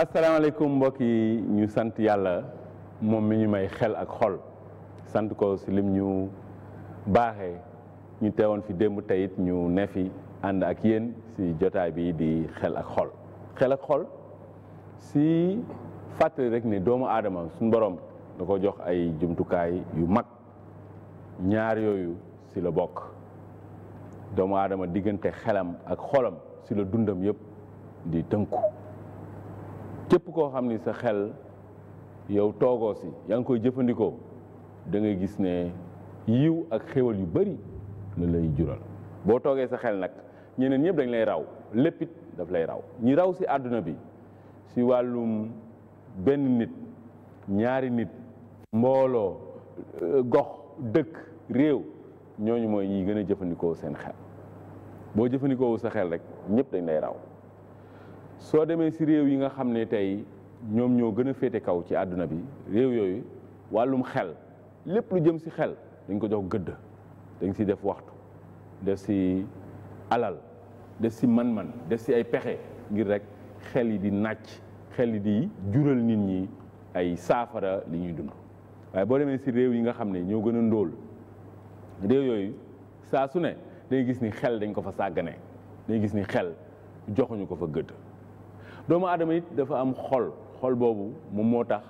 asalaamaaleykum mbokk yi ñu sant yàlla moom mi ñu may xel ak xol sant ko si lim ñu baaxe ñu teewoon fi démb tey ñu ne fi ànd ak yéen si jotaay bii di xel ak xol xel ak xol si fàttali rek ne doomu aadama suñu borom da ko jox ay jumtukaay yu mag ñaar yooyu si la bokk doomu aadama diggante xelam ak xolam si la dundam yëpp di tënku képp koo xam ni sa xel yow toogoo si yaa ngi koy jëfandikoo da ngay gis ne yiw ak xéwal yu bëri la lay jural boo toogee sa xel nag ñeneen ñëpp dañ lay raw léppit daf lay raw ñi raw si àdduna bi si wàllum benn nit ñaari nit mbooloo euh, gox dëkk réew ñooñu mooy ñi gën a jëfandikoo seen xel boo jëfandikoo sa xel rek ñëpp dañ lay raw soo demee si réew yi nga xam ne tey ñoom ñoo gën a féete kaw ci àdduna bi réew yooyu wàllum xel lépp lu jëm si xel dañ ko jox gëdd dañ si def waxtu def si alal def si man-man def si ay pexe ngir rek xel yi di nàcc xel yi di jural nit ñi ay saafara li ñuy dund waaye boo demee si réew yi nga xam ne ñoo gën a ndóol réew yooyu saa su ne day gis ni xel dañ ko fa sàggane day gis ni xel joxuñu ko fa gëdd doomu aadama it dafa am xol xol boobu moom moo tax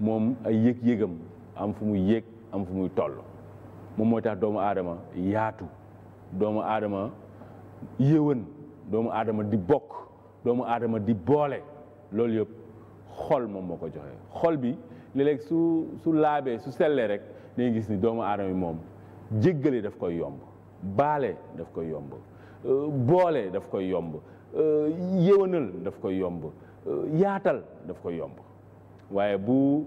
moom ay yëg-yëgam am fu muy yëg am fu muy toll moom moo tax doomu aadama yaatu doomu aadama yëwan doomu aadama di bokk doomu aadama di boole loolu yëpp xol moom moo ko joxe xol bi léeg-léeg su su laabee su sellee rek dañuy gis ni doomu aadama bi moom jéggale daf koy yomb baale daf koy yomb euh, boole daf koy yomb Euh, yéwénal daf koy yomb euh, yaatal daf ko yomb waaye bu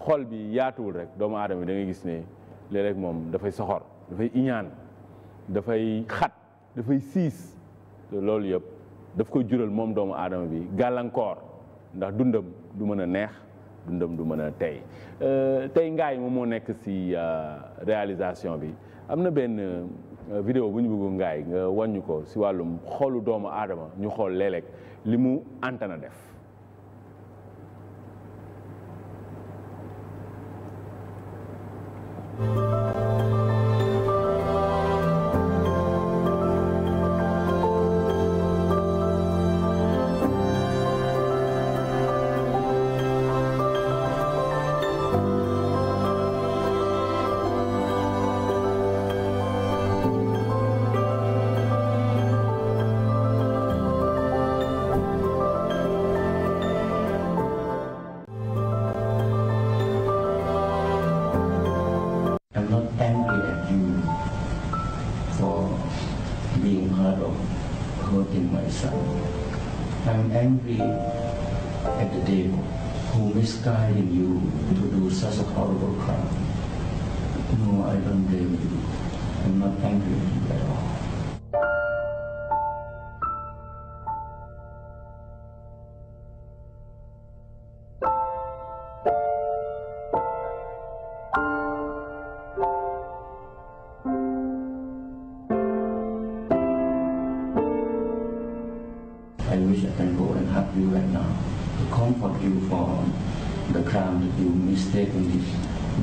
xol bi yaatuwul rek doomu aadama da ngay gis ne léeg moom dafay soxor dafay iñaan dafay xat dafay siis loolu yëpp daf ko jural moom doomu aadama bi gàllankoor ndax dundam du mën a neex dundam du mën a tey euh, tey ngaay moom moo nekk ci réalisation bi am na benn Euh, vidéo bu ñu bëgg ngaay nga wàññi ko si wàllum xoolu doomu aadama ñu xool léeg li mu antana def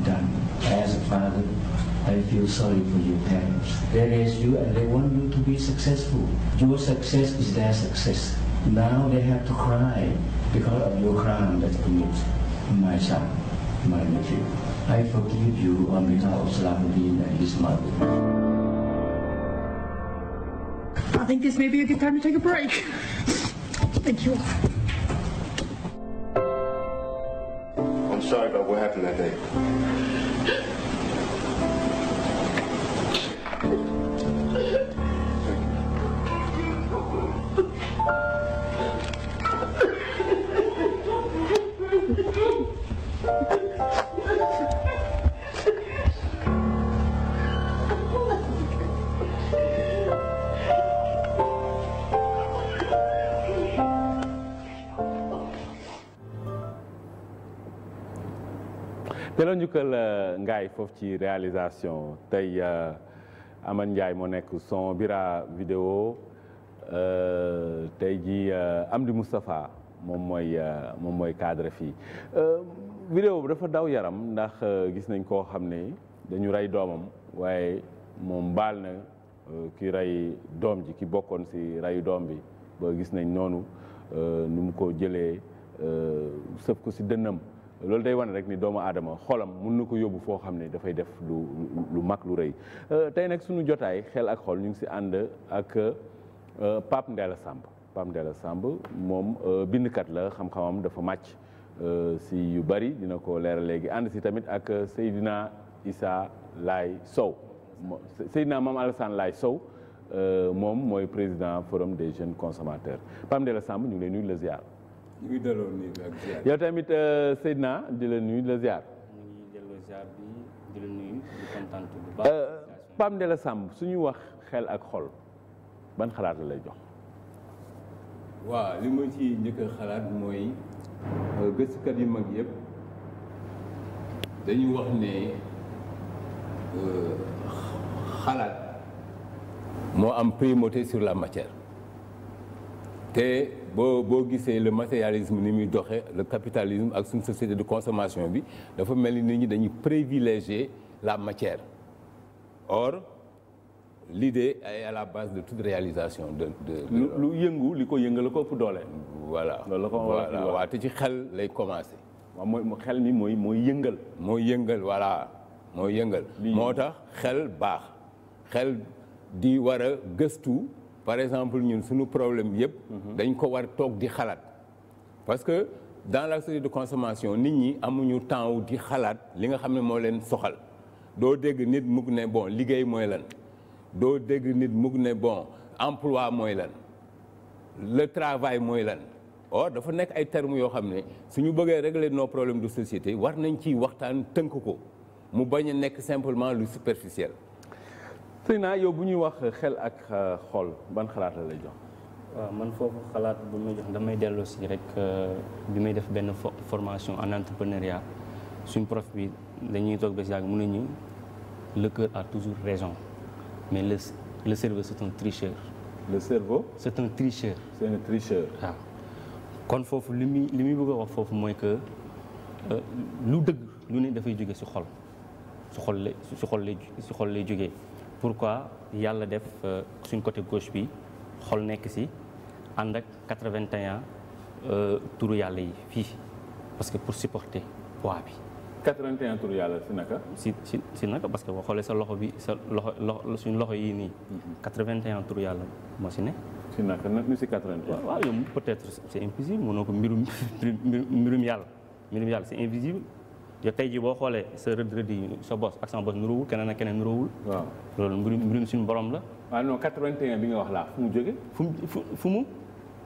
done. As a father, I feel sorry for your parents. They raised you and they want you to be successful. is their success. Now they have to cry because of your crime that commits my son, my nephew. I forgive you on behalf of Salahuddin and I think this may be a good time to a break. Thank you. I'm sorry about what happened that njukkal ngaay foofu ci réalisation tey euh, Aman Ndiaye moo nekk son bira vidéo euh, tey ji euh, Amdi Moustapha moom mooy moom mooy cadre fii vidéo bi dafa daw yaram ndax gis nañ koo xam ne dañu rey doomam waaye moom baal na ki rey doom ji ki bokkoon si reyu doom bi ba gis nañ noonu nu mu ko jëlee sëf ko si dënnam loolu day wane rek ni doomu aadama xolam mun na ko yóbbu foo xam ne dafay def lu lu mag lu rëy euh, tey nag suñu jotaay xel ak xol ñu ngi si ànd ak euh, Pape Ndella Samb Pape Ndella Samb moom euh, bindkat la xam-xamam dafa màcc si yu bari dina ko leeral léegi ànd si tamit ak Seydina Issa laay Sow Seydina Mame Alassane Laye Sow moom mooy président forum de jeunes consommateurs Pape Ndella Samb ñu ngi lay nuyu la ziar. ñu ngi delloo nii ak yow tamit euh, Seydina di la nuyu di la ziar. ñu ngi delloo ziar bi di la nuyu di kontaan bu euh, suñu wax xel ak xol ban xalaat la lay jox. waaw li ma ci njëkk xalaat mooy euh, gëstukat yu mag yëpp dañu wax ne xalaat moo am primauté sur la matière te. boo boo gisee le matérialisme ni muy doxee le capitalisme ak suñu société de consommation bi dafa mel ni nit ñi dañuy privilégier la matière or l'idée est à la base de toute réalisation de lu yëngu li ko yëngal ko ëpp doole. voilà voilà ci xel lay commencer. waaw mooy xel mi mooy mooy yëngal. mooy yëngal voilà moo yëngal. moo tax xel baax xel di war a gëstu. par exemple ñun suñu problème yëpp. dañ ko war toog di xalaat. parce que dans la société de consommation nit ñi amuñu temps wu di xalaat li nga xam ne moo leen soxal doo dégg nit mug ne bon liggéey mooy lan. doo dégg nit mug ne bon emploi mooy lan le travail mooy lan. or dafa nekk ay termes yoo xam ne su ñu bëggee régler nos problème de société war nañ ci waxtaan tënk ko mu bañ a nekk simplement lu superficiel. sëy naa yow bu ñuy wax xel ak euh, xol ban xalaat la lay jox. waaw man foofu xalaat bu ma jox damay dellu si rek euh, bi may def benn formation en entrepreneuriat suñ prof bi dañuy toog ba si yàgg mun ne ñu le cœur a toujours raison mais le le cerveau c'est un tricheur. le cerveau. c'est un tricheur. c'est un tricheur. waaw kon foofu li muy li muy bugg a wax foofu mooy que euh, lu dëgg lu ne dafay jóge si xol si xol lay si xol lay si xol lay jógee. pourquoi yàlla def euh, suñ côté gauche bi xol nekk si ànd ak 81 euh, turu yàlla yi fii parce que pour supporter poids bi. 81 turu yàlla si naka. si si naka parce que boo xoolee sa loxo bi sa loxo loxo suñ loxo yii nii. 81 mhm. turu yàlla moo si ne. si naka nag ñu si 83. waaw yow peut-être c'est invisible mënoo ko mbirum mbirum yàlla mbirum yàlla c'est invisible. yow tey jii boo xoolee sa rëdd rëdd yi sa bos ak sama bos nuróowul keneen ak keneen nuróowul. waaw loolu mbirum mbirum suñu borom la. waaw ah non 81 bi nga wax laa fu mu jógee. fu mu fu mu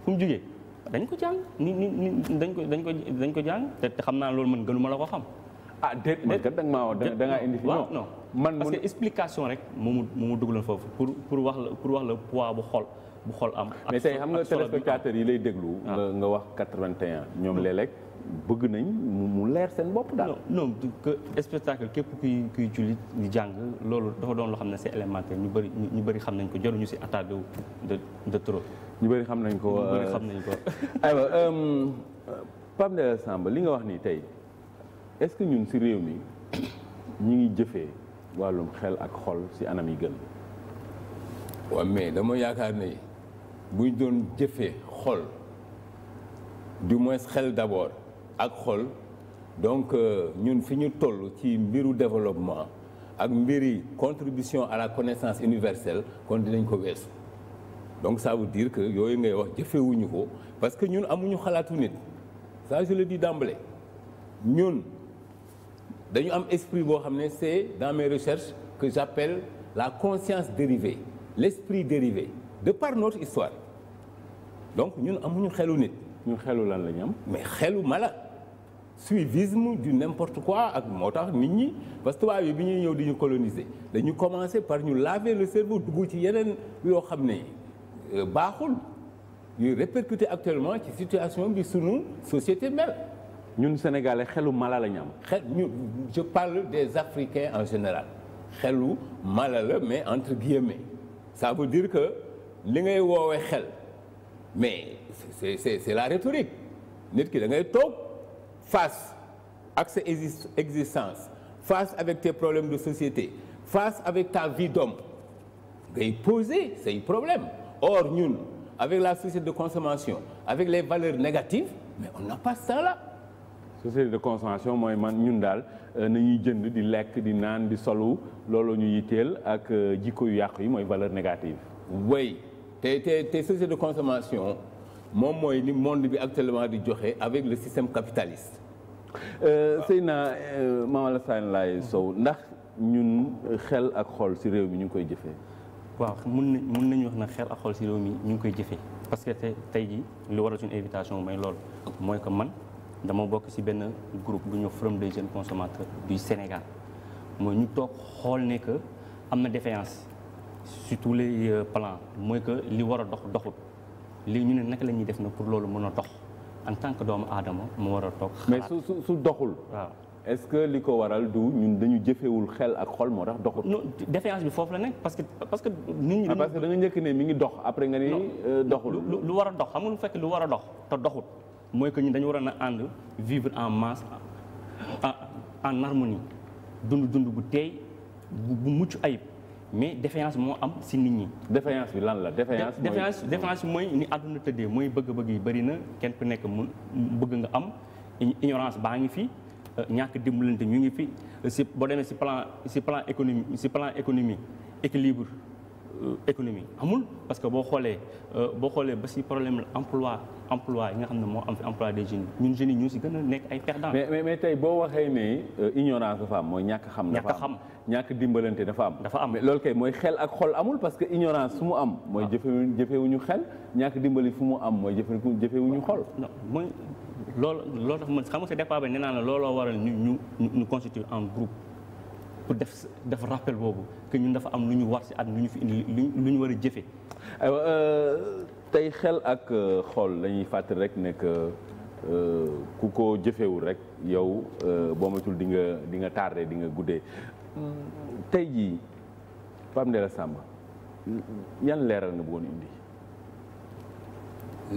fu mu jógee dañ ko jàng ni dañ ko dañ ko dañ ko jàng te xam naa loolu man gënu ma la ko xam. ah déet man kat da nga da nga indi. waaw man parce que explication rek moo mu moo mu dugaloon foofu pour pour wax la pour wax la poids bu xol bu xol am. ak mais tey xam nga téléspectateurs yi lay déglu. Ah. nga wax 81 ñoom mm. léeg lekk bëgg nañ mu leer seen bopp daal. non que spectacle képp kuy kuy jullit di jàng loolu dafa doon loo xam ne c'est élémentaire ñu bëri ñu bëri xam nañ ko jaruñu si attardé wu de de trop. ñu bëri xam nañ ko ñu bëri euh, xam nañ euh, Samba li nga wax nii tey est-ce que ñun si réew mi ñu ngi jëfee wàllum xel ak xol si anam yi gën. waaw mais dama yaakaar ne buñ doon jëfee xol du moins xel d'abord. ak xol donc euh, ñun fi ñu toll ci mbiru développement ak mbiri contribution à la connaissance universelle kon dinañ ko weesu donc ça veut dire que yooyu ngay wax jëfewuñu ko parce que ñun amuñu xalaatu nit ça je le dis ñun dañu am esprit boo xam ne c'est dans mes recherches que j'appelle la conscience dérivée l'esprit dérivé de par notre histoire donc ñun amuñu xelu nit. ñun xelu lan la ñu am mais xelu mala. suivisme du n'importe quoi ak moo tax nit ñi parce que tubaab bi ñuy ñëw di ñu dañu commencer par ñu laver le cerveau dugg ci yeneen yoo xam ne euh, baaxul yuy répercuter actuellement ci situation bi sunu société mel. ñun sénégalais xelu mala la ñu am. xel ñu je parle des africains en général xelu mala la mais entre guillemets ça veut dire que li ngay woowee xel mais c'est c'est c'est la rhétorique nit ki da ngay toog. face ak sa existence face avec tes problèmes de société face avec ta vie d'homme ngay poser say problèmes or ñun avec la société de consommation avec les valeurs négatives mais on n'a pas ça là société de consommation mooy man ñun daal euh, nañuy jënd di lekk di naan di solu loolu ñu yitteel ak euh, jikko yu yàqu yi mooy valeur négative oui te société de consommation moom mooy li monde bi actuellement di joxe avec le système capitaliste. Euh, Seyna euh, Mame Alassane Laye Sow ndax ñun xel ak xool ci réew mi ñu koy jëfee. waaw mun nañu mun nañu wax na xel ak xol ci réew mi ñu ngi koy jëfee parce que tey tey jii lu waral suñu invitation mooy lool mooy que man dama bokk ci benn groupe bu ñu Forum des jeunes consommateurs du Sénégal mooy ñu toog xool ne que am na défaillance surtout tous les euh, plans mooy que li war a dox doxul. li ñu ne naka la ñuy def na pour loolu mën a dox en tant que doomu aadama mu war a toog. mais su su su doxul. waaw est-ce que li ko waral du ñun dañu jëfewul xel ak xol moo tax doxul. non défiance bi foofu la nekk parce que parce que. nit ñi ah, parce que da nga njëkk ne dox après nga ni. Euh, doxul lu war a dox xam fekk lu war a dox te doxul mooy que ñun dañu waroon a ànd vivre en masse en harmonie dund dund bu teey bu mucc ayib. mais défaillance moo am si nit ñi. défaillance bi lan la défaillance. mooy défaillance mooy ni àdduna tëddee mooy bëgg-bëgg yi bëri na kenn ku nekk mu bëgg nga am ignorance baa ngi fi euh, ñàkk dimbulante ñu ngi fi si boo demee si plan si plan économie si plan économie équilibre. Euh, économie amul parce que boo xoolee euh, boo xoolee ba si problème emploi emploi yi nga xam ne moo am fi emploi des jeunes ñun ñu si gën nekk ay perdants. mais mais tey boo waxee ne euh, ignorance dafa am mooy ñàkk xam. dafa am ñàkk dimbalante dafa am. dafa am lool loolu kay mooy xel ak xool amul parce que ignorance fu mu am. mooy ah. jëfewuñu jëfewuñu xel ñàkk dimbali fu mu am mooy jëfewuñu jëfewuñu xol. non mooy loolu loolu dafa mën xam nga sa départ ba nee naa la looloo waral ñu ñu ñu constituer en groupe. pour def def rappel boobu que ñun dafa am lu ñu war si at lu ñu fi indi lu ñu war a jëfe euh, tey xel ak euh, xool lañuy fàttali rek ne que euh, ku ko jëfewul rek yow boo matul di nga di nga tardé di nga guddee tey jii Pape Ndéla Samba yan leeral nga bëggoon indi.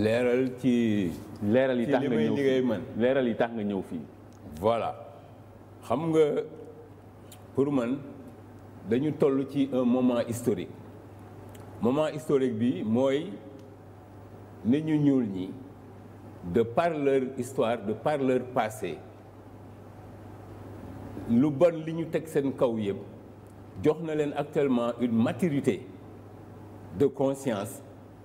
leeral ci. leeral yi tax nga ñëw leeral yi tax ñëw fii. voilà xam nga. pour man dañu toll ci un moment historique moment historique bi mooy ne ñu ñuul ñi de parleur leur histoire de parleur leur passé lu bon li ñu teg seen kaw yëpp jox na leen actuellement une maturité de conscience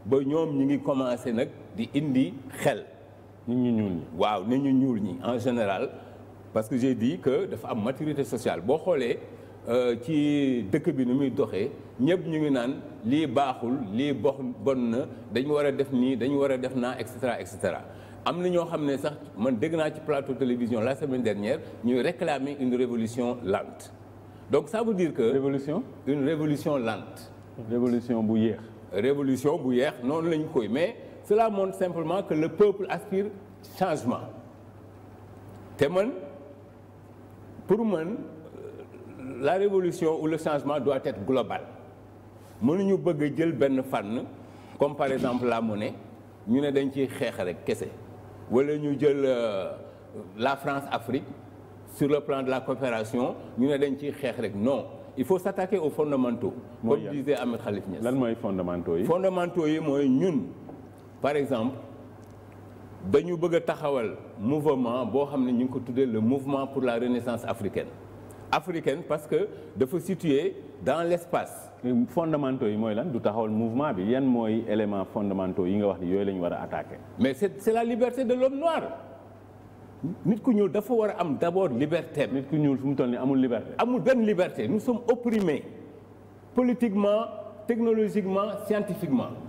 ba ñoom ñi ngi commencé nag di indi xel nit ñu ñuul ñi waaw ne ñu ñuul ñi en général parce que j'ai dit que dafa am maturité sociale boo xoolee euh, ci dëkk bi nu muy doxee ñëpp ñu ngi naan lii baaxul lii box bon na dañu war a def nii dañu war a def naa et cetera et cetera am na ñoo xam ne sax man dégg naa ci plateau télévision la semaine dernière ñuy réclamer une révolution lente donc ça veut dire que. révolution une révolution lente. révolution bu yeex révolution bu yeex noonu lañu koy mais cela montre simplement que le peuple aspire changement te man pour man la révolution ou le changement doit être global mënuñu bëgg jël benn fànn comme par exemple la monnaie ñu ne dañ ciy xeex rek kese wala ñu jël euh, la France-Afrique sur le plan de la coopération ñu ne dañ ciy xeex rek non il faut s'attaquer aux fondamentaux comme disait Ahmed Khalifa Niass lan mooy fondamentaux yi fondamentaux yi mooy ñun par exemple dañu bëgg a taxawal mouvement boo xam ne ñu ngi ko tuddee le mouvement pour la renaissance africaine africaine parce que dafa situé dans l'espace fondamentaux yi mooy lan du taxawal mouvement bi yan mooy élément fondamentaux yi nga wax ni yooyu la ñu war a attaqué mais c'est c'est la liberté de l'homme noir nit ku ñuul dafa war a am d'abord liberté nit ku ñuul fu mu toll ni amul liberté amul benn liberté nous sommes opprimés politiquement technologiquement scientifiquement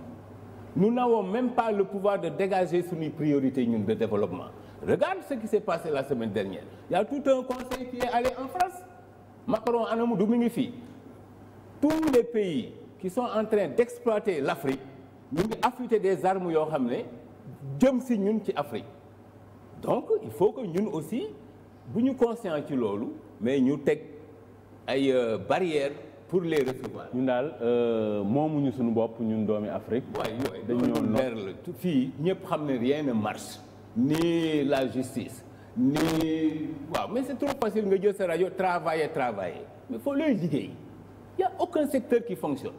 nous n'avons même pas le pouvoir de dégager sur une priorité ñun de développement regarde ce qui s'est passé la semaine dernière il tout un conseil qui est allé en France Macron anamu du mi ngi fii tous les pays qui sont en train d'exploiter l'Afrique ñu ngi affûter des armes yoo xam ne jëm si ñun ci Afrique donc il faut que ñun aussi bu ñu conscient ci loolu mais ñu teg ay euh, barrières pour les recevoir. ñun daal euh, moomuñu suñu bopp ñun doomi Afrique. dañu ñoo la fii ñëpp xam ne rien ne marche. ni la justice. ni waaw mais c'est trop facile nga jël sa rajo travailler travailler mais faut looy liggéey y a aucun secteur qui fonctionne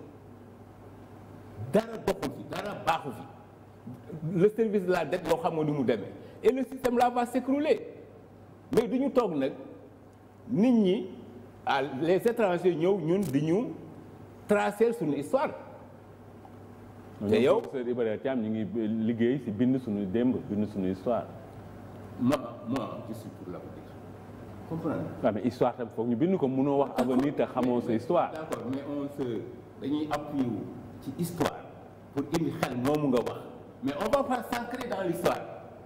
dara doxul fi dara baaxu fi le service de la dette loo xam nga ni mu demee et le système là va s'écrouler mais du ñu toog nag nit ñi. ah les étrangers ñëw ñun di ñu tracer suñu histoire. te yow professeur Ibrahima Thiam ñu ngi liggéey si bind suñu démb bind suñu histoire. ma ma je suis pour l'avenir. comprendre ah, histoire tam foog ñu bind ko munoo wax avenir te xamoo sa histoire. d'accord dañuy appuyer wu ci histoire pour indi xel moomu nga wax. mais on va pas s'ancrer dans l'histoire.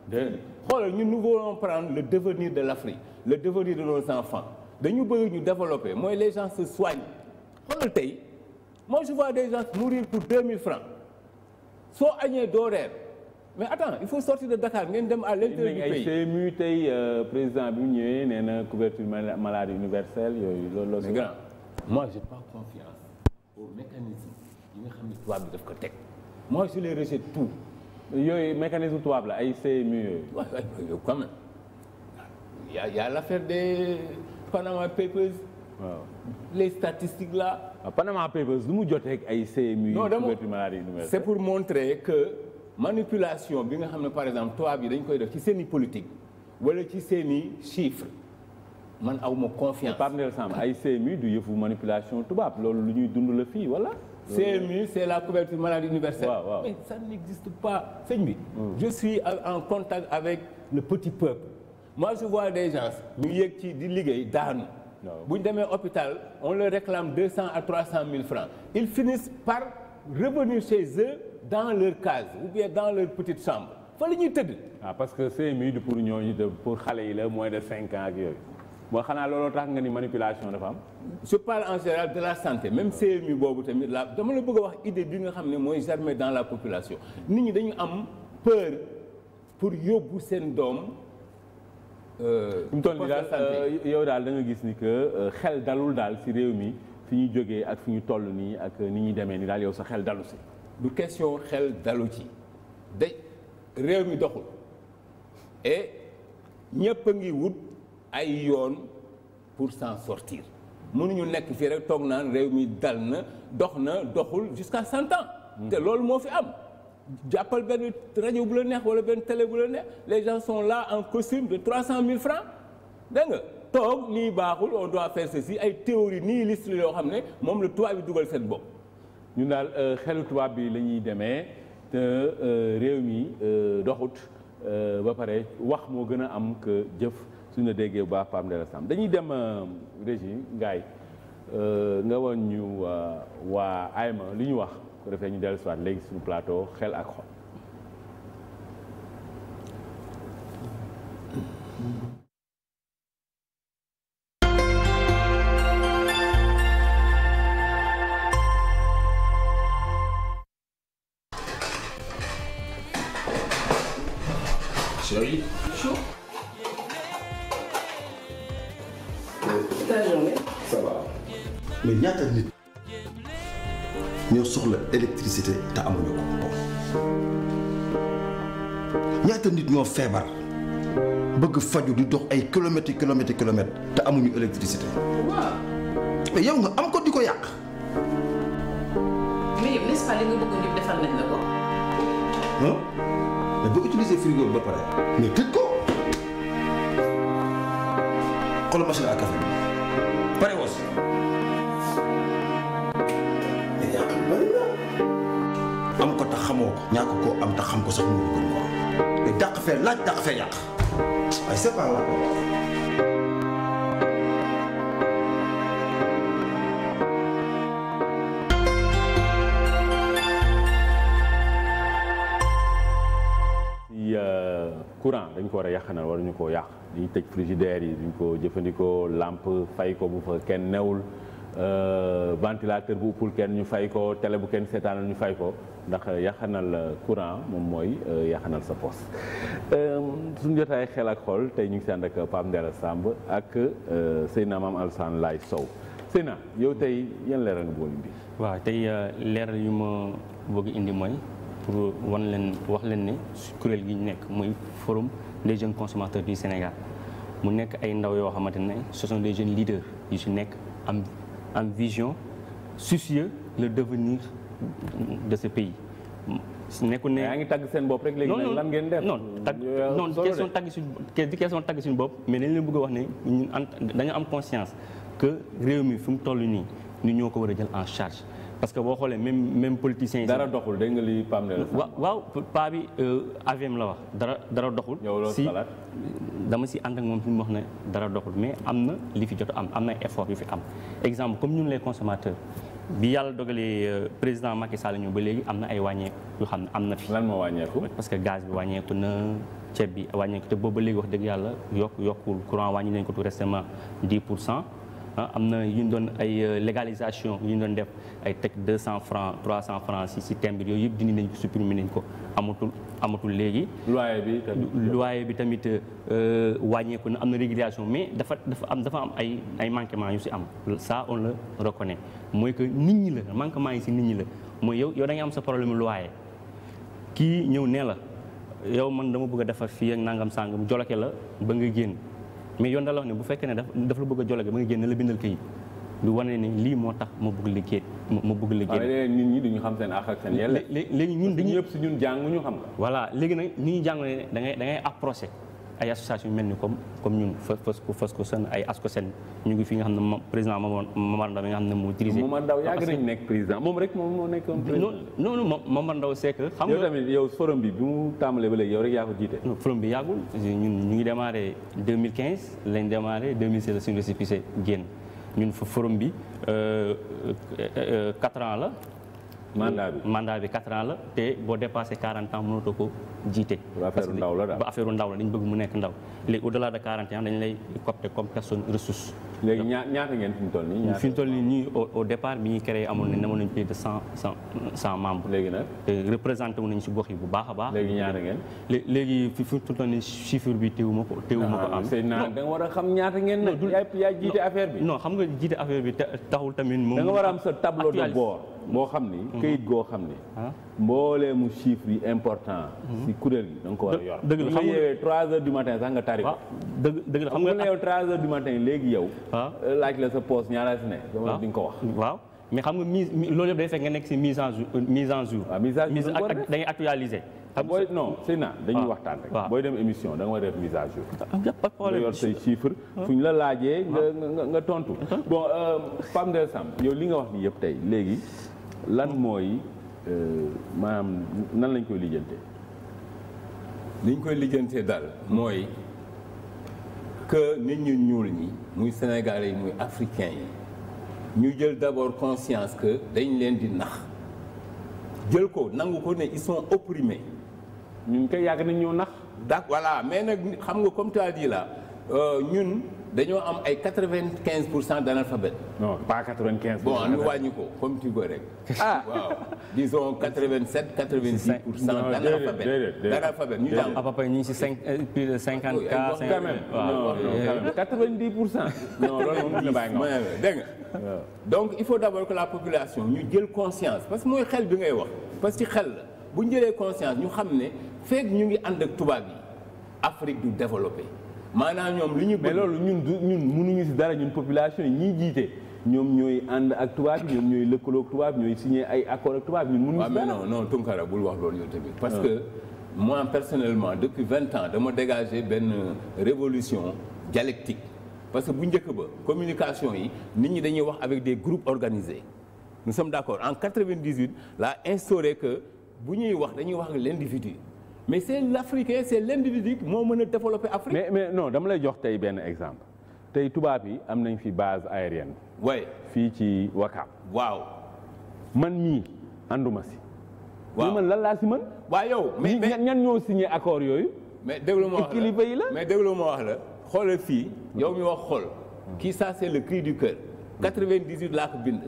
dégg nga xoolal ñun nous voulons prendre le devenir de l'Afrique le devenir de nos enfants. dañu bëgg ñu développer mooy les gens se soignent tey moi je vois des gens mourir pour 2000 francs soo añee doo reer mais attends il faut sortir de Dakar ngeen dem à l'intérieur du pays ay CMU tey euh, président bi mu ñëwee nee na couverture maladie universelle yooyu loolu la. moi j'ai pas confiance au mécanisme yi nga xam ne ko teg moi je les rejette tout. yooyu mécanisme tubaab la ay CMU yooyu. waaw waaw quand même y a y a l'affaire Panama Papers. les statistiques la ah, waaw Panama Papers lu mu jotee ak ay CMU. non dama c'est pour montrer que manipulation bi nga xam ne par exemple tubaab yi dañ koy def ci seen i politique wala ci seen i chiffres man aw ma confiance. Pape Ndéla Samb ay CMU du yëfu manipulation tubaab loolu lu ñuy dund le fii wala. CMU c'est la couverture maladie universelle. waaw waaw mais ça n'existe pas sëñ bi. Hmm. je suis en contact avec le petit peuple. moi je vois des gens ñu yéeg ci di liggéey daanu. bu ñu demee hôpital on leur réclame deux cent à trois cent mille francs ils finissent par revenir chez eux dans leur case ou bien dans leur petite chambre fa la ñuy tëdd. ah parce que CMU du pour ñooñu de pour xale yi la moins de cinq ans ak yooyu. moo xanaa looloo tax nga ni manipulation dafa am. je parle en général de la santé même CMU boobu tamit la dama la bëgg a wax idée bi nga xam ne mooy germer dans la population nit ñi dañu am pour yóbbu seen doom. Euh, mu toll nii daal euh, yow daal da gis ni que euh, xel dalul daal si réew mi fi ñu jógee ak fi ñu toll nii ak ni ñuy demee ni daal yow sa xel dalu si. du question xel dalu ci de réew mi doxul et ñëpp a ngi wut ay yoon pour s'en sortir mënuñu nekk fii rek toog naan réew mi dal na dox na doxul jusqu'à cent ans. Hmm. te loolu moo fi am. jàppal benn rajo bu la neex wala benn télé bu la neex les gens sont là en costume de 300 000 francs dégg nga toog lii baaxul on doit faire ceci ay théorie nihiliste la yoo xam ne moom la tubaab bi dugal seen bopp. ñu daal euh, xelu tubaab bi la ñuy demee te euh, réew mi euh, doxut ba pare wax moo gën a am que jëf suñu la déggee bu baax Pam Ndera Sam dañuy dem régie ngaay nga wan ñu waa AEMA li ñu wax. ko defee ñu dellu si waat léegi suñu plateau xel ak xol. nécessité te amuñu ko nit ñoo feebar bëgg faju di dox ay kilomètres yi kilomètres te amuñu électricité. waaw. yow nga am ko di ko yàq. mais yow n'est-ce nga bëgg ñëpp defal nañ la ko. non mais boo utiliser frigo ba pare mais tëj ko xoolal machine à ko ñàkk koo am te xam ko sax mu ngi gën ko am fee laaj dàq fee yàq ay c'est pas euh, courant dañ ko war a yàqanal waruñu koo yàq dañuy tëj frigidaire yi duñ ko jëfandikoo làmp fay ko bu fa kenn newul euh, ventilateur bu uppul kenn ñu fay ko télé bu kenn seetaanal ñu fay ko ndax yaxanal courant moom mooy euh, yaxanal sa poos euh, suñu jotaay xel ak xool tey ñu ngi si ànd ak Pape Ndera Samb ak euh, Seyna Mame Alassane Laye Sow Seyna yow tey yan leeral nga bëggoon indi. waaw tey leeral yu ma bëgg indi mooy pour wan leen wax leen ne kuréel gi ñu nekk muy forum des jeunes consommateurs du Sénégal mu nekk ay ndaw yoo xamante ne ce des jeunes leaders yu si nekk am vision soucieux le devenir. de ce pays. nekkul ne yaa ngi tagg seen bopp rek léegi lan ngeen def non tagg non question tagg suñu di question tagg suñu bopp mais dañ leen bëgg wax ne ñun dañoo am conscience que réew mi fi mu toll nii ñu ñoo ko war a jël en charge parce que boo xoolee même même politiciens yi. dara doxul dégg nga li PAM la. waaw pa bi euh, AVM la wax dara dara doxul. si dama si ànd ak moom fi mu wax ne dara doxul mais am na li fi jot am am na effort yu fi am exemple comme ñun les consommateurs. bi yàlla dogalee euh, président Macky Sall ñëw ba léegi am na ay wàññeeku yoo xam ne am na fi. lan moo wàññeeku. parce que gaz bi wàññeeku na ceeb bi wàññeeku te boobu ba léegi wax dëgg yàlla yokk yokkul courant wàññi nañ ko tout récemment 10 pour cent. Ah, am na yu ñu doon ay euh, légalisation yu ñu doon def ay teg 200 francs 300 francs si si thème bi yooyu yëpp dindi nañ ko supprimer nañ ko amatul amatul léegi. loyer bi tamit bi tamit euh, euh, wàññeeku na am na régulation mais dafa dafa am dafa am ay ay manquements yu si am ça on le reconnaît mooy que nit ñi la manquement yi si nit ñi la mooy yow yow da am sa problème loyer kii ñëw nee la yow man dama bëgg a defar fii ak nangam sàngam joloke la ba nga génn. mais yoon da bu fekkee ne daf la bëgg a jologe ba nga génn la bindal kayit lu wane ni lii moo tax ma bëgg liggéey ma bugg bëgg liggéey ñu ñi duñu xam seen àq ak seen yelle léegi ñun dañu yëpp si ñun jànguñu xam nga voilà léegi nag nii ñu ne da ngay da ngay ay association yu mel ni comme comme ñun fas ko fas ko seen ay asko seen ñu ngi fi nga xam ne président Momar Ndao mi nga xam ne moo dirigé Momar Ndao yàgg nañ nekk président moom rek moom moo nekkoon président non non Momar Ndao c'est que xam nga yow tamit yow forum bi bi mu tàmbalee ba léegi yow rek yaa ko jiite non forum bi yàggul ñun ñu ngi démarré 2015 lañ démarré 2016 la suñu récépissé génn ñun forum bi euh, euh, euh, quatre ans la mandat bi mandat bi la te boo dépassé 40 ans mënatoo ko jiite. parce que ba affaire ndaw la dañu bëgg mu nekk ndaw léegi au delà de 40 ans dañu lay copter comme personne ressource. léegi ñaata ngeen nii. fi mu toll nii ñuy au départ wu nañu si gox yi bu baax a baax. léegi ñaata ngeen. léegi fi fi mu toll nii chiffre bi teewuma ko teewuma ko ah, am. non war a xam ñaata ngeen nag. yaa jiite affaire bi. non xam nga jiite affaire bi taxul tamit. moom da nga war a am sa tableau de moo xam ni. Mhm. këyit goo xam ni. Ah. mbooleemu chiffre yi important. si mhm. kuréel gi da nga ko war a yor. dëgg la xam nga yeewee 3 ah, dëgg dëgg la xam nga ne yow 3 heures du matin léegi yow. Ah. laaj la sa poste ñaara si ne. waaw di nga ko wax waaw. mais xam nga mise loolu nekk si mise en jour en jour. waaw mise en jour dañuy actualiser. xam booy waxtaan rek. booy dem émission a def mise à jour. ñu la laajee nga nga nga tontu. bon euh, Pape Nder sam yow li nga wax nii yëpp tey léegi. lan mooy euh, maanaam nan lañ koy lijjante liñ koy lijjantee daal mooy que nit ñu ñuul ñi muy sénégalais yi muy africain yi ñu jël d'abord conscience que dañ leen di nax jël ko nangu ko ne ils sont ñu ngi koy yàgg nañ ñoo nax dak voilà mais nag xam nga comme tu as dit Euh, ñun dañoo am ay quatre vingt quinze pour cent d' analphabète. non pas quatre vingt quinze. bon ñu wàññi ko comme tu veux rek. ah waaw disons quatre vingt sept quatre vingt six pour cent. d' analphabète ñu si cinq cinquante cas. quand même pour cent. non loolu moom la bàyyi nga dégg nga donc il faut d' abord que la population ñu jël conscience parce que mooy xel bi ngay wax parce que xel la bu ñu jëlee conscience ñu xam ne fekk ñu ngi ànd ak tubaab yi Afrique du développé. maanaam ñoom li ñu. mais ñun ñun mënuñu si dara ñun population yi ñiy jiite ñoom ñooy ànd ak tubaab ñoom ñooy lëkkaloo ak tubaab ñooy signé ay accord ak tubaab ñun. mënuñu si dara non non Tunkara bul wax loolu yow tamit. parce ah. que moi personnellement depuis vingt ans dama dégagé benn révolution dialectique parce que bu njëkk ba communication yi nit ñi dañuy wax avec des groupes organisés nous sommes d'accord en 98 la instauré que bu ñuy wax dañuy wax ak l'individu mais c'est l'Africain c'est l'individu moo mën a développer Afrique. mais mais non dama lay jox tey benn exemple tey tubaab yi am nañ fi base aérienne. way fii ci Wakaam. waaw man mii ànduma si. waaw man lan laa si mën. waaw yow mais mais ñan ñoo signé accord yooyu. mais déglu ma wax la kilifa la mais déglu ma wax la. xoolal fii yow mi wax xool. kii ça c'est le cri du cœur. 98 laa ko bind.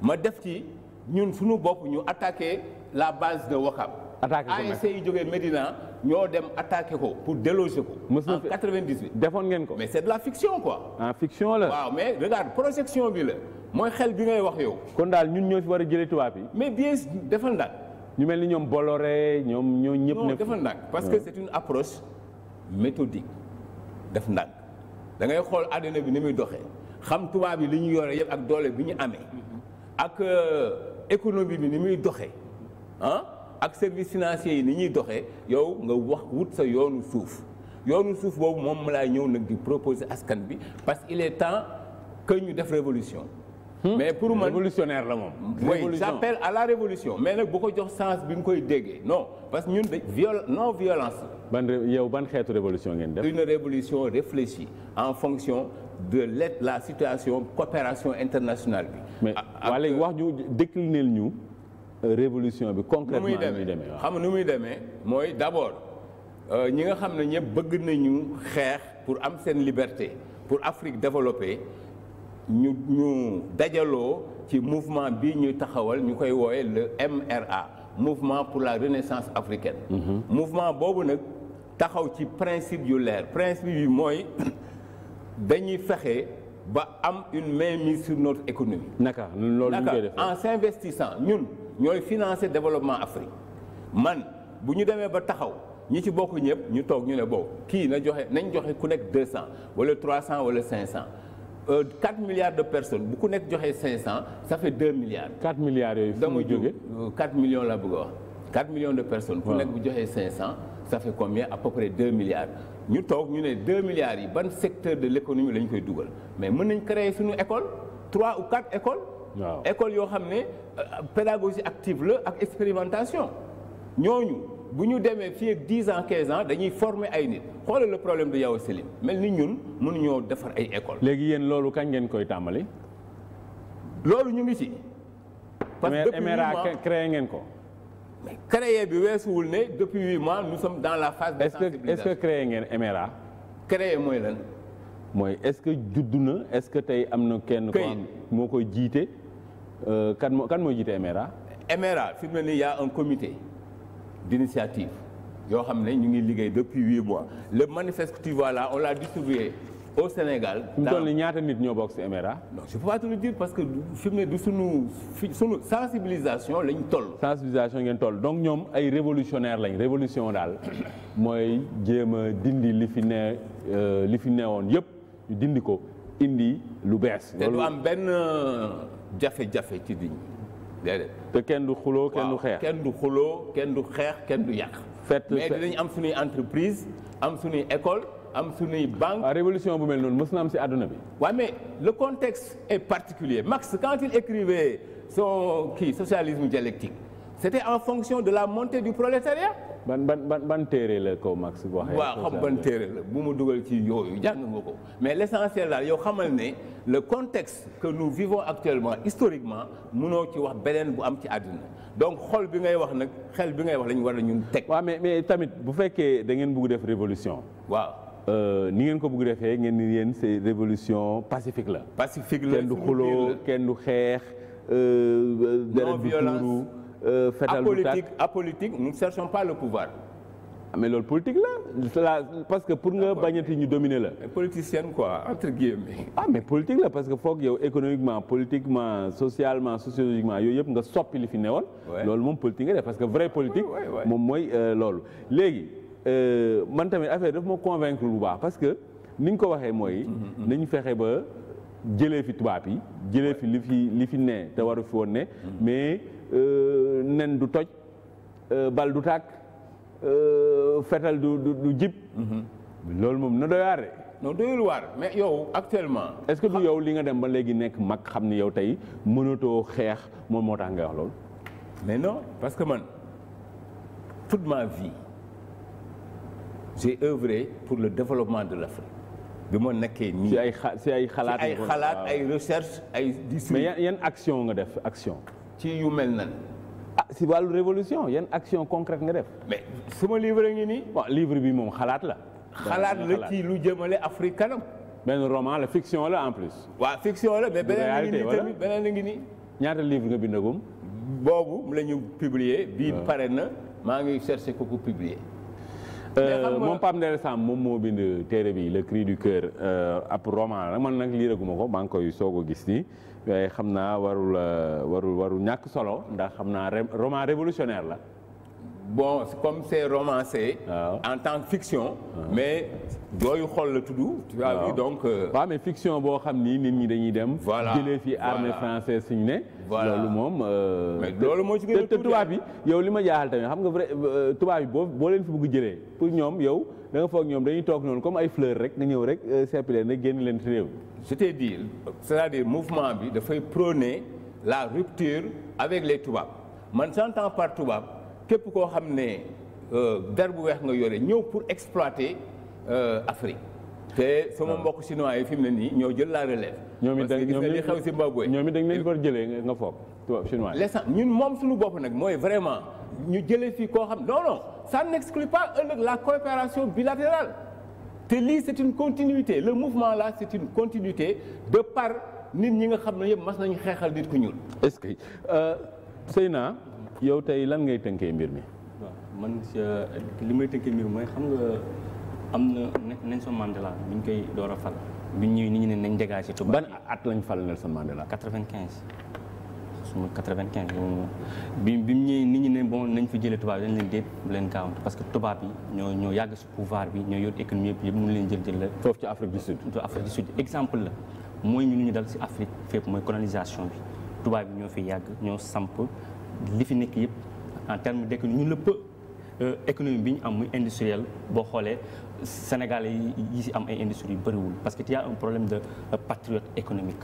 ma def ci ñun suñu bopp ñu attaqué la base de Wakaam. attaque ko ASC yi jógee Medina ñoo dem attaqué ko pour déloger ko. mos na fi en 98. defoon ngeen ko mais c' la fiction quoi. ah fiction la waaw mais regarde projection bi la mooy xel bi ngay wax yow. kon daal ñun ñoo fi war a jëlee tubaab yi. mais bien defal ndànk. ñu mel ni ñoom Bolloré ñoom ñoo ñëpp. ne defal ndànk parce que c' est une approche méthodique def ndànk da ngay xool àddina bi ni muy doxee xam tubaab yi li ñu yore yëpp ak doole bi ñu amee mm-hmm. ak euh, économie bi ni muy doxee ak service financier yi ni ñuy doxe yow nga wax wut sa yoonu suuf yoonu suuf boobu moom laay ñëw nag di proposer askan bi parce que qu'il est temps que ñu def révolution hmm? mais pour man révolutionnaire la moom. mooy j'appelle à la révolution mais nag bu ko jox sens bi nga koy déggee no parce que ñun de viol non violence. ban yow ban xeetu révolution ngeen def. une révolution réfléchie en fonction de la situation coopération internationale bi. mais waa léegi wax ñu déclinel ñu. révolution bi concrètement nu muy demee xam nga nu muy demee mooy d'abord euh, ñi nga xam ne ñëpp bëgg nañu xeex pour am seen liberté pour Afrique développé ñu ñu dajaloo ci mouvement bii ñu taxawal ñu koy wooye le MRA mouvement pour la renaissance africaine mmh. mouvement boobu nag taxaw ci principe yu leer principe yu mooy dañuy fexe ba am une mainmise sur notre économie naka loolu ñu koy def en s'investissant ñun ñooy financer développement Afrique man bu ñu demee ba taxaw ñi ci bokk ñëpp ñu toog ñu ne boobu kii na joxe nañ joxe ku nekk 200 wala 300 wala 500 4 euh, milliards de personnes bu ku nekk joxe 500 ça fait 2 milliards. 4 milliards yooyu fu muy jógee 4 euh, millions a wax 4 millions de personnes. ku nekk bu joxee 500 ça fait combien à peu près 2 milliards. ñu toog ñu ne 2 milliards yi ban secteur de l' économie la ñu koy dugal mais mën nañ créer suñu école 3 ou 4 écoles. waaw école yoo xam ne euh, pédagogie active la ak expérimentation ñooñu bu ñu demee fii ak 10 ans 15 ans dañuy former ay nit xoolal la problème de Yao Sélim mel ni ñun mënuñoo defar ay école léegi yéen loolu kañ ngeen koy tàmbali. loolu ñu ngi ci. parce que ngeen ko. créé bi weesuwul ne depuis huit mois nous sommes dans la phase. de sensibilisation est-ce que est-ce que créé ngeen MRA. créé mooy lan. mooy est-ce que juddu na est-ce que tey am na kenn. ko moo koy jiite. Euh, kan moo kan moo jiite MRA. MRA fi mu nii y' un comité dinitiative yoo xam ne ñu ngi liggéey depuis huit mois le manifeste que tu vois là on l' a distribué au Sénégal. ñaata nit ñoo bokk ci MRA. non je peux pas parce que fi mu ne du sunu sensibilisation lañ toll. sensibilisation ngeen toll donc ñoom ay révolutionnaire lañ révolution daal mooy jéem a dindi li fi ne euh, li fi newoon yëpp ñu dindi ko indi lu bees. te du am benn. jafe-jafe ci nit ñi te kenn du xuloo kenn du xeex kenn du xuloo kenn du xeex kenn du yàq. fett mais am suñuy entreprise am suñuy école am su suñuy banque. waaw ah, révolution bu mel noonu mës na si àdduna bi. waaw mais le contexte est particulier Marx quand il écrivait son kii socialisme dialectique c'était en fonction de la montée du prolétariat. ban ban ban ban la ko Max waxee. waaw xam ban téere la bu mu dugal ci yooyu jàng moo ko mais l' essentiel daal yow xamal ne le contexte que nous vivons actuellement historiquement mënoo ci wax beneen bu am ci àddina donc xol bi ngay wax nag xel bi ngay wax la ñu war a ñun teg. waaw mais mais tamit bu fekkee da ngeen bugg def révolution waaw. Euh, ni ngeen ko bugg defee ngeen ni yéen c'est révolution pacifique la. pacifique la kenn du xuloo kenn du xeex. Euh, euh, non bi tuuru Euh, fetal bu tàkk apolitique apolitique nous ne cherchons pas le pouvoir. Ah, mais loolu politique la parce que pour nga bañati ñu dominer la. politicienne quoi entre guillemets. ah la parce que foog yow économiquement politiquement socialement sociologiquement yooyu yëpp nga soppi li fi newoon. loolu moom politique nga def parce que vrai politique. moom mooy euh, loolu. léegi euh, man tamit affaire daf ma convaincre bu baax parce que ni ñu ko waxee mooy. Mm-hmm, mm-hmm. nañu fexe ba jëlee fi tubaab yi. jëlee fi li fi li fi ne te waru fi woon ne mm-hmm. mais. Euh, nen du toj euh, bal du tàkk euh, fetal du du du jib mhm. loolu moom na doy waar de non doyul waar mais yow actuellement est-ce que du ah. yow li nga dem ba léegi nekk mag xam ni yow tey mënatoo xeex moom moo tax nga wax loolu mais non parce que man toute ma vie j'ai œuvré pour le développement de l'Afrique bi ma nekkee nii si ay xalaat ay recherche ay. mais yan action nga def action. ci yu mel nan ah si wàllu révolution yan action concrète nga def. mais suma livre ngi nii. bon livre bi moom xalaat la. xalaat la ci lu jëmale Afrique kanam. benn roman la fiction la en plus. waa fiction la mais beneen ngi nii tamit beneen ngi nii. ñaata livre nga bindagum. boobu la ñu publier. bii ah. pare na maa ngi cherché ko ku publier. Euh, moom Pape Ndeye Samb moom moo bind téere bi le cri du cœur euh, ab roman la man nag liiraguma ko maa ngi koy soog a gis nii. waaye xam naa warul euh, warul warul ñàkk solo ndax xam naa roman révolutionnaire la bon comme c'est romancé. en tant que ah. mais dooyu xool la tudd. tu vois oui donc. Euh, waaw mais fiction boo xam nii nit ñi dañuy dem. voilà jëlee fi armée française suñu ne. voilà loolu moom. Euh, mais loolu moo ci gën a te tubaab yi yow li ma jaaxal tamit xam nga vrai euh, tubaab yi boo boo leen fi bëgg jëlee pour ñoom yow da nga foog ñoom dañuy toog noonu comme ay fleur rek nga ñëw rek seppi leen rek génn leen ci réew. je t'ai dit c'est-à-dire mouvement bi dafay prone la rupture avec les tubaab man j'entends par tubaab. képp koo xam ne euh, der bu weex nga yore ñëw pour exploiter euh, Afrique te sama ah. mbokk chinois yi fi mu ne nii ñoo jël la relève. ñoom it dañu li xew Zimbabwe ñoom it dañu leen war jëlee nga foog tubaab ñun moom suñu bopp nag mooy vraiment ñu jëlee fii koo xam non non ça n'exclut pas ëllëg la coopération bilatérale te lii c'est une continuité le mouvement là c'est une continuité de par nit ñi nga xam ne yëpp mas nañu xeexal nit ku ñuul. est-ce que euh, Seyna. yow tey lan ngay tënkee mbir mi. waaw man li may tënkee mbir mooy xam nga am na Nelson Mandela bi ñu koy door a fal. bi ñuy nit ñu ne nañ dégager tubaab ban at lañ fal Nelson Mandela. 95. suma 95 bi bi mu ñëwee nit ñi ne bon nañ fi jëlee tubaab dañ leen déet bu leen gaawante parce que tubaab yi ñoo ñoo yàgg si pouvoir bi ñoo yor économie yëpp yëpp mënu leen jël jël la. foofu ci Afrique du Sud. Afrique du Sud exemple la mooy ñu lu ñu dal si Afrique fépp mooy colonisation bi tubaab yi ñoo fi yàgg ñoo samp. li fi nekk yëpp en terme d' euh, économie ñun la bi ñu am muy industriel boo xoolee sénégalais yi si am ay industries yu bëriwul parce que il y a problème de euh, patriote économique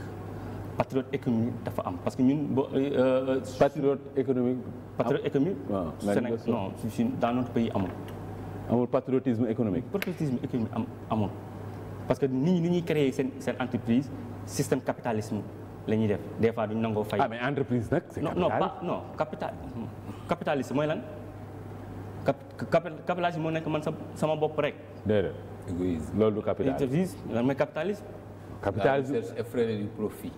patriote économique dafa am parce que ñun boo. Euh, patriote économique. patriote économique. waaw ah, Sénégal non dans notre pays amul. amul patriotisme économique. patriotisme économique am amul parce que nit ñi li ñuy créer seen seen entreprise système capitalisme. la ñuy def des fois duñ nangoo fay. ah mais entreprise nag c'est capital non non capital capitalisme mooy lan capitalisme moo nekk man sama bopp rek. déedéet égoïsme loolu du capitalisme égoïsme mais capitalisme. capitalisme effréné du profit.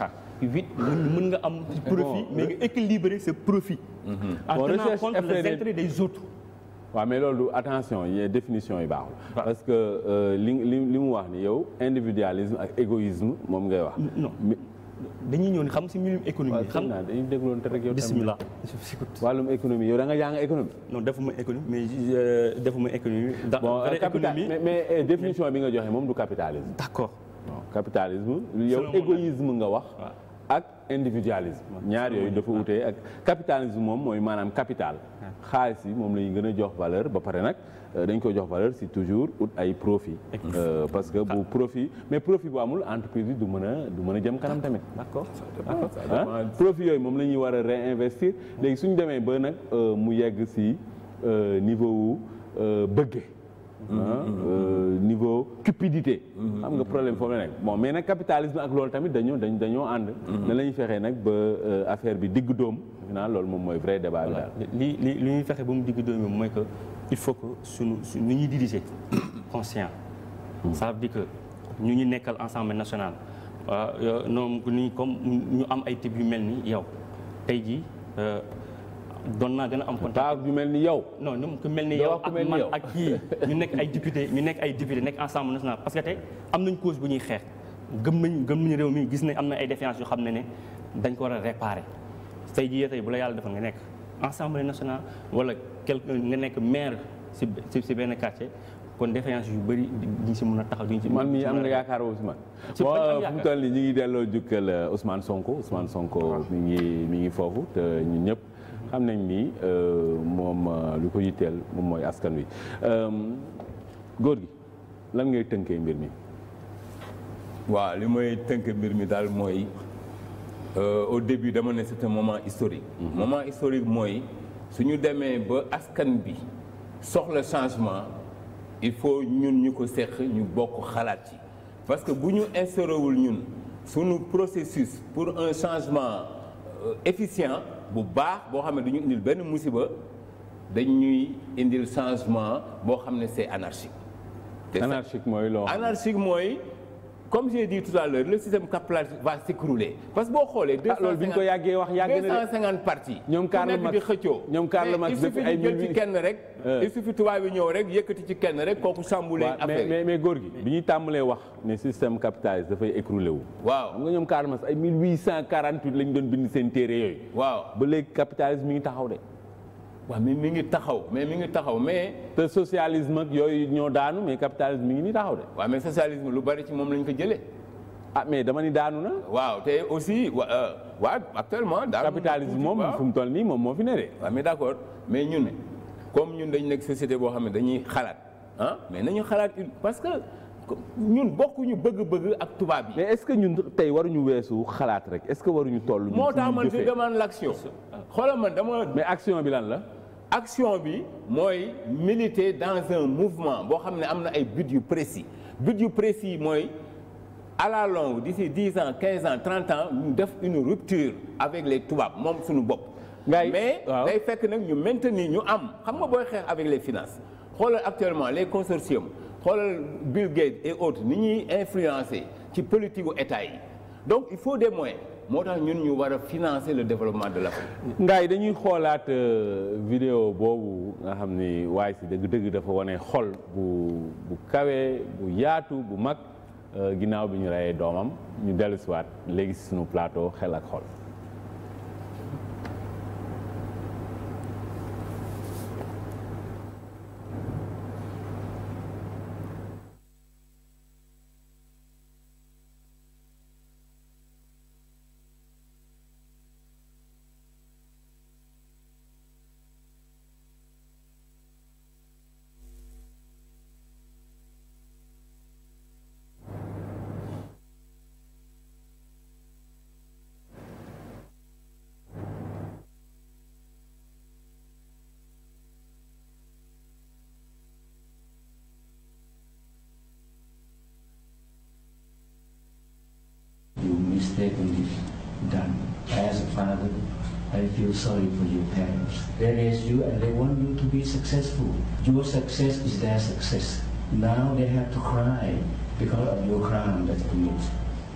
ah vite mën nga am. profit mais nga équilibrer ce profit. Mhm. en tenant compte les intérêts des autres. waaw mais loolu attention yéen définition yi baaxul. parce que euh, li li li mu wax ni yow individualisme ak égoïsme moom ngay wax. dañuy ñëw xam si mbirum économie. xam naa dañuy dégluwoon te rek yow. bisimilah wàllum économie yow da nga jàng économie. non defuma économie mais euh, defuma économie. da mais mais eh, définition bi nga joxe moom du capitalisme. d' accord capitalisme. yow égoïsme nga wax. ak individualisme. ñaar yooyu dafa ah. wutee ak capitalisme moom mooy maanaam capital. Ah. xaalis yi moom la ñu gën a jox valeur ba pare nag. Euh, dañ ko jox valeur si toujours ut ay profit euh, parce que bu ah. profit mais profit bu amul entreprise bi du mën a du mën a jëm kanam tamit d'accord d'accord profit yooyu moom la ñuy war a réinvestir léegi suñ demee ba nag euh, mu yegg si niveau wu bëggee niveau cupidité xam nga problème foofu la nekk bon mais nag capitalisme ak loolu tamit dañu dañ dañoo ànd na la ñuy fexee nag ba affaire bi digg dóom naa lool moom mooy vrai débat bi daal li li ñuy fexe ba mu digg dóom bi mooy que il faut que suñu nu ñuy diriger conscient sa hmm. veut que ñu ñu nekkal ensemble national waaw ah, euh, noonu ni comme ñu am ay type yu mel ni yow tey jii euh, doon naa gën a am contact yu mel ni yow. non ñoom ku mel ni yow ak man ak kii ñu nekk ay député ñu nekk ay député nekk ensemble national parce que tey am nañ cause bu ñuy xeex gëm nañ gëm nañu réew mi gis nañ am na ay défiance yoo xam ne ne dañ ko war a réparer tey jii tey bu la yàlla defal nga nekk ensemble national wala. quelque nga nekk maire si si si benn quartier kon défaillance yu bëri duñ si mun a taxaw duñ si. man mii am na yaakaar Ousmane. su fu a toll nii ñu ngi delloo jukkal euh, Ousmane Sonko Ousmane Sonko. Ah. mi ngi mi ngi foofu te ñun ñëpp. xam nañ ni euh, moom euh, lu ko yitteel moom mooy askan wi góor gi lan ngay tënkee mbir mi. waaw li may tënkee mbir mi daal mooy au début dama ne c'est un moment historique. Mhm. moment historique mooy. suñu demee ba askan bi soxla changement il faut ñun ñu ko seq ñu bokk xalaat yi parce que bu ñu instauréwul ñun suñu processus pour un changement euh, efficient bu baax boo xam ne du ñu indil benn musiba dañuy indil changement boo xam ne c'est anarchique. anarchique mooy loo anarchique mooy. comme j'ai dit tout à l'heure le système capitale va s'écrouler parce que boo xoolee. ah loolu bi ñu ko yàggee wax yàgg na de 250 ñoom Karl Marx di suffit jël ci kenn rek. Euh. il suffit tubaab yi ñëw rek yëkkati ci kenn rek kooku chamboulé affaire mais mais góor gi bi ñuy tàmbalee wax ne système capitaliste dafay écroulé wu. waaw xam nga ñoom Karl Marx ay 1848 lañ doon bind seen téere yooyu. waaw ba léegi capitalisme mi ngi taxaw de. waaw mi mi ngi taxaw mais mi ngi taxaw mais te socialisme ak yooyu ñoo daanu mais capitalisme mi ngi ni taxaw de. waaw mais socialisme lu bari ci moom lañu ko jëlee. ah mais dama ni daanu na. waaw te aussi wa euh, waaw actuellement. daanu capitalisme moom fu mu toll nii moom moo fi ne de. waaw mais d'accord mais ñun comme ñun dañ nekk société boo xam ne dañuy xalaat ah mais nañu xalaat parce que. ñun bokkuñu bëgg-bëgg ak tubaab yi. mais est-ce que ñun tey waruñu weesu xalaat rek est-ce que waruñu toll. moo tax man fi demande l'action. xoolal man dama. mais action bi lan la. action bi mooy militer dans un mouvement boo xam ne am na ay but yu précis but yu précis mooy à la longue d'ici dix quinze ans trente ans def une rupture avec les tubaab moom suñu bopp. mais day fekk nag ñu maintenir ñu am xam nga booy xeex avec les finances xoolal actuellement les consortiums. xoolal Bill Gates et autres ni ñuy influencer ci politique u état yi donc il faut des moyens moo tax ñun ñu war a financer le développement de l'Afrique. ngaa yi dañuy xoolaat euh, vidéo boobu nga xam ni waaye si dëgg-dëgg dafa wane xol bu kawee bu yaatu bu mag euh, ginnaaw bi ñu reyee doomam ñu dellusiwaat léegi si sunu plateau xel ak xol. feel sorry for your parents. They raised and they want you to be successful. Your success is their success. Now they have to cry because of your crime that commit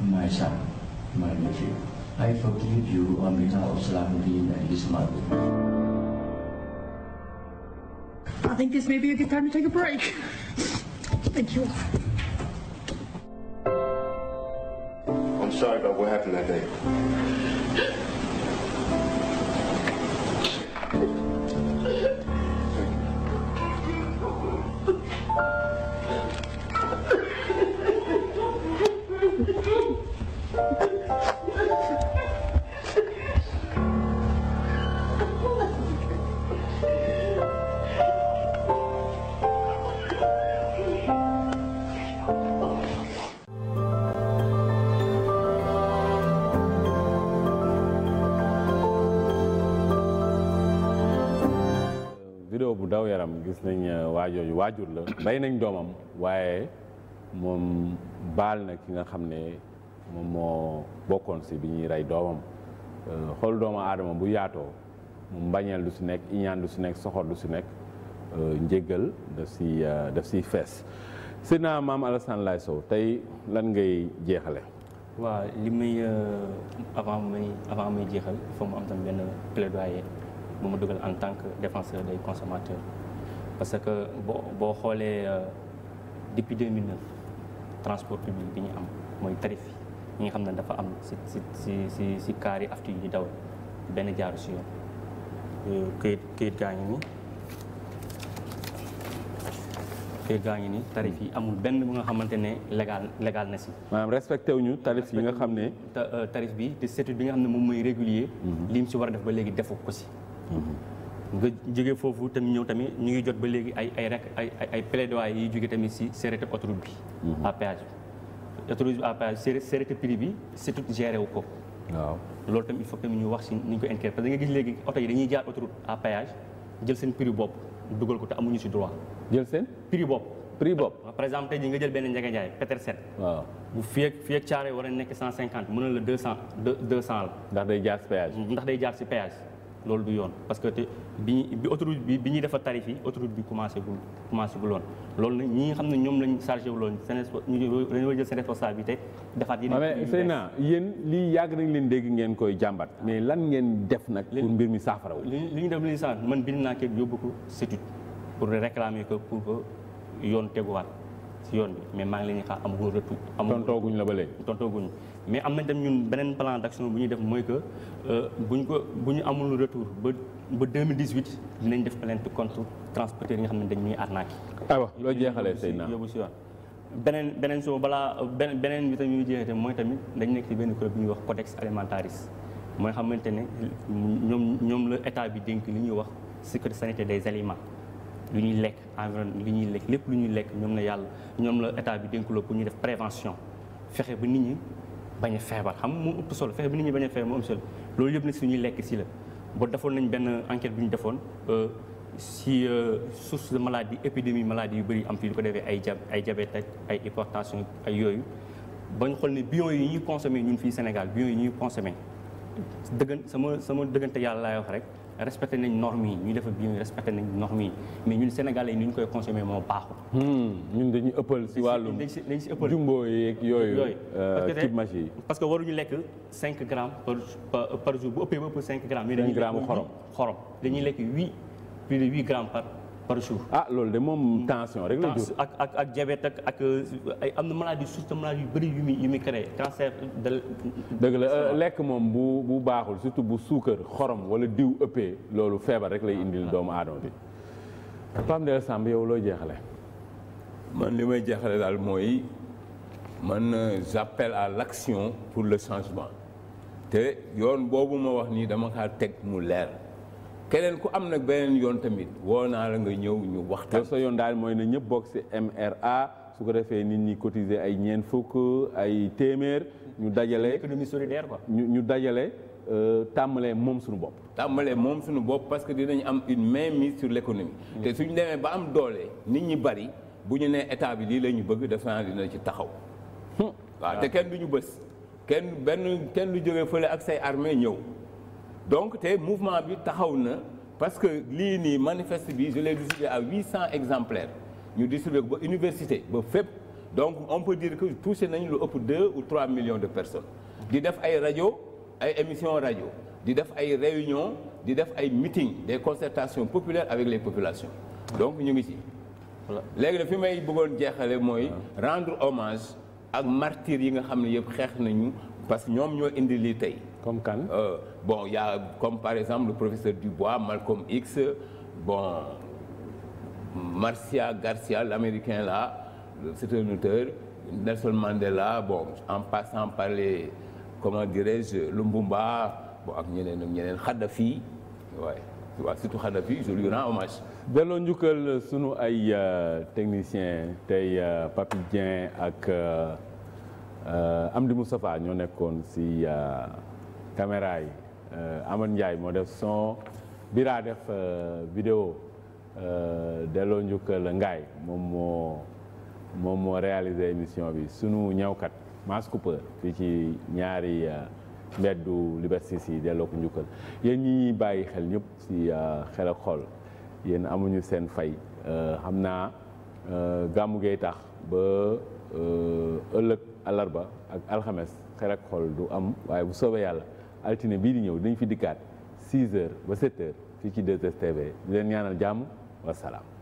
my son, my nephew. I forgive you on behalf of Salahuddin and his mother. I think this may be a good time a break. Thank you. I'm sorry about what happened that day. gis nañ euh, waajooju waajur la bay nañ doomam waaye moom baal na ki nga xam ne moom moo bokkoon si bi ñuy rey doomam euh, xool doomu aadama bu yaatoo mu mbañeel du si nekk iñaan du si nekk soxor du si nekk euh, njéggal daf si daf si fees Seydina Maam Alassane Laye Sow tey lan ngay jeexale waaw li muy avant muy avant muy jeexal il mu am tam benn plaidoyer bu ma dugal en tant que défenseur de consomateur parce que boo boo xoolee euh, depuis 2009 transport public bi ñu am mooy tarif yi nga xam ne dafa am si si si si si kaar yi aftu di daw benn jaaru si yoon euh, kayit këyit gaa ngi ni ngi ni tarif yi amul benn bu nga xamante ne légal legal na si maanaam respecté wuñu tarif yi nga xam ne euh, tarif bi te statut bi nga xam ne moom mooy régulier mhm. li mu si war a def ba léegi defu ko si mhm. nga jóge foofu tamit ñëw tamit ñu ngi jot ba léegi ay ay rek ay ay plaidoyer yi jóge tamit si sérété autoroute bi. Mhm. à péage bi autoroute bi à péage sérété bi surtout géré wu ko. waaw loolu tamit il faut tamit wax si ni ñu ko inquiété parce que léegi oto yi dañuy jaar autoroute à péage jël seen prix bopp dugal ko te amuñu si droit. jël seen prix bopp. prix bopp par exemple tey nga jël benn Ndiaga Ndiaye Petersen. waaw bu fii ak fii ak caare war a nekk 150 mën na la 200 200 la. ndax day jaar si péage. day jaar si péage. loolu du yoon parce que te bi bi autoroute bi bi ñuy defar tarif yi autoroute bi commencé gul commencé guloon loolu nag ñi nga xam ne ñoom lañ chargé wu loon seen dañu war jël seen responsabilité defaat yeneen mais Seyna yéen lii yàgg nañ leen dégg ngeen koy jàmbat ah. mais lan ngeen def nag pour mbir mi saafara li li ñu def li ñu man bind naa kii yóbbu ko statut pour réclamer que pour que yoon teguwaat si yoon bi mais maa ngi leen di xaar amagul retour. amagul tontooguñ la ba léegi. tontooguñ mais am nañ tam ñun beneen plan d' bu ñuy def mooy que euh, buñ ko bu ñu amul retour ba ba 2018 dinañ def plainte contre transporteur yi nga xam ne dañ ñuy arnaque. aywa loo jeexalee Seydina yóbbu si yoon. beneen beneen soo balaa beneen beneen bi tamit ñuy jeexate mooy tamit dañ nekk ci benn kuréel bu ñuy wax codex alimentaris mooy xamante ne ñoom ñoom la état bi dénk li ñuy wax sécurité sanitaire des aliments. lu ñuy lekk environnement lu ñuy lekk lépp lu ñuy lekk ñoom na yàlla ñoom la état bi dénkuloo pour ñu def prévention fexe ba nit ñi bañ a xam nga moo ëpp solo fexe ba nit ñi bañ a feebar moo am solo loolu yëpp nag si ñuy lekk si la ba defoon nañ benn enquête bu ñu defoon euh, si euh, source de maladie épidémie maladie yu bëri am fii lu ko defee ay ja ay diabète ak ay ay yooyu ba ñu xool ne bion yi ñuy consommé ñun fii Sénégal bion yi ñuy consommé dëggan sama sama dëggante yàlla laay wax rek respecté nañ normes yi ñu defa bien respecté nañ normes yi mais ñun sénégalais yi ni ñu koy consommer moo baaxul. Hmm, ñun dañuy ëppal si wàllum dañ si ëppal yooyu. Euh, parce que waruñu lekk grammes par jour bu ëppee ba ëpp grammes. mais dañuy lekk 5 grammes par. par jour. ah loolu de moom hmm. tension rek la jur ak ak ak ak ak euh, am na maladie surtout maladie yu bëri yu muy yu muy créé cancer de. la euh, lekk moom bu bu baaxul surtout bu suukar xorom wala diw ëppee loolu feebar rek lay ah, indil ah. doomu aadama bi. Pam Ndeye Samb yow loo jeexale man li may jeexale daal mooy man euh, j'appelle à l'action pour le changement te yoon boobu ma wax nii dama kaa teg mu leer. keneen ku am nag beneen yoon tamit woo naa la nga ñëw ñu waxtaan. sa yoon daal mooy na ñëpp bokk ci MRA su ko defee nit ñi cotiser ay ñeent fukk ay téeméer. ñu dajale économie solidaire quoi. ñu ñu dajale euh, tàmmalee moom suñu bopp. tàmmalee moom suñu bopp parce que dinañ am une mais mise sur l' économie. Mm. te suñu demee ba am doole nit ñi bari bu ñu nee état bi lii la ñu bëgg def naa dina ci taxaw. Hmm. waaw te ah. kenn du ñu bës kenn benn kenn du jógee fële ak say armée ñëw. donc te mouvement bi taxaw na parce que lii nii manifeste bi je l'ai distribué à 800 exemplaires ñu distribué ko ba université ba fépp donc on peut dire que touché nañu lu ëpp 2 ou 3 millions de personnes di def ay rajo ay émission rajo di def ay réunion di def ay meeting des concertations populaires avec les populations donc ñu ngi ci léegi nag fi may bëggoon jeexale mooy ah. rendre hommage ak martyrs yi nga xam ne yëpp xeex nañu parce que ñoom ñoo indi lii tey. comme kan. Euh, bon y' a comme par exemple le professeur Dubois Malcolm X bon Marcia Garcia l' américain là c' est un auteur Nelson Mandela bon en passant par les comment dirais-je Lumumba bon ak ñeneen ak ñeneen Kadhafi waaye waaw surtout Kadhafi je lui rends hommage. delloo njukkal sunu ay euh, technicien tey euh, Papy ak. am euh, Amdi Moustapha ñoo nekkoon si euh, caméra yi euh, Amad Ndiaye moo def son biraa def vidéo delloo njukkal Ngaay moom moo moom moo réaliser émission bi suñu ñawkat Mass Cooper fii ci ñaari mbeddu Liberté si delloo ko njukkal yéen ñi bàyyi xel ñëpp si xel xol yéen amuñu seen fay xam naa gàmmu gay tax ba ëllëg àllarba ak alxames xel xol du am waaye bu soobee yàlla altine bii di ñëw dañu fi dikkaat 6 heures ba 7 heures fii ci 2STV di leen ñaanal jàmm wa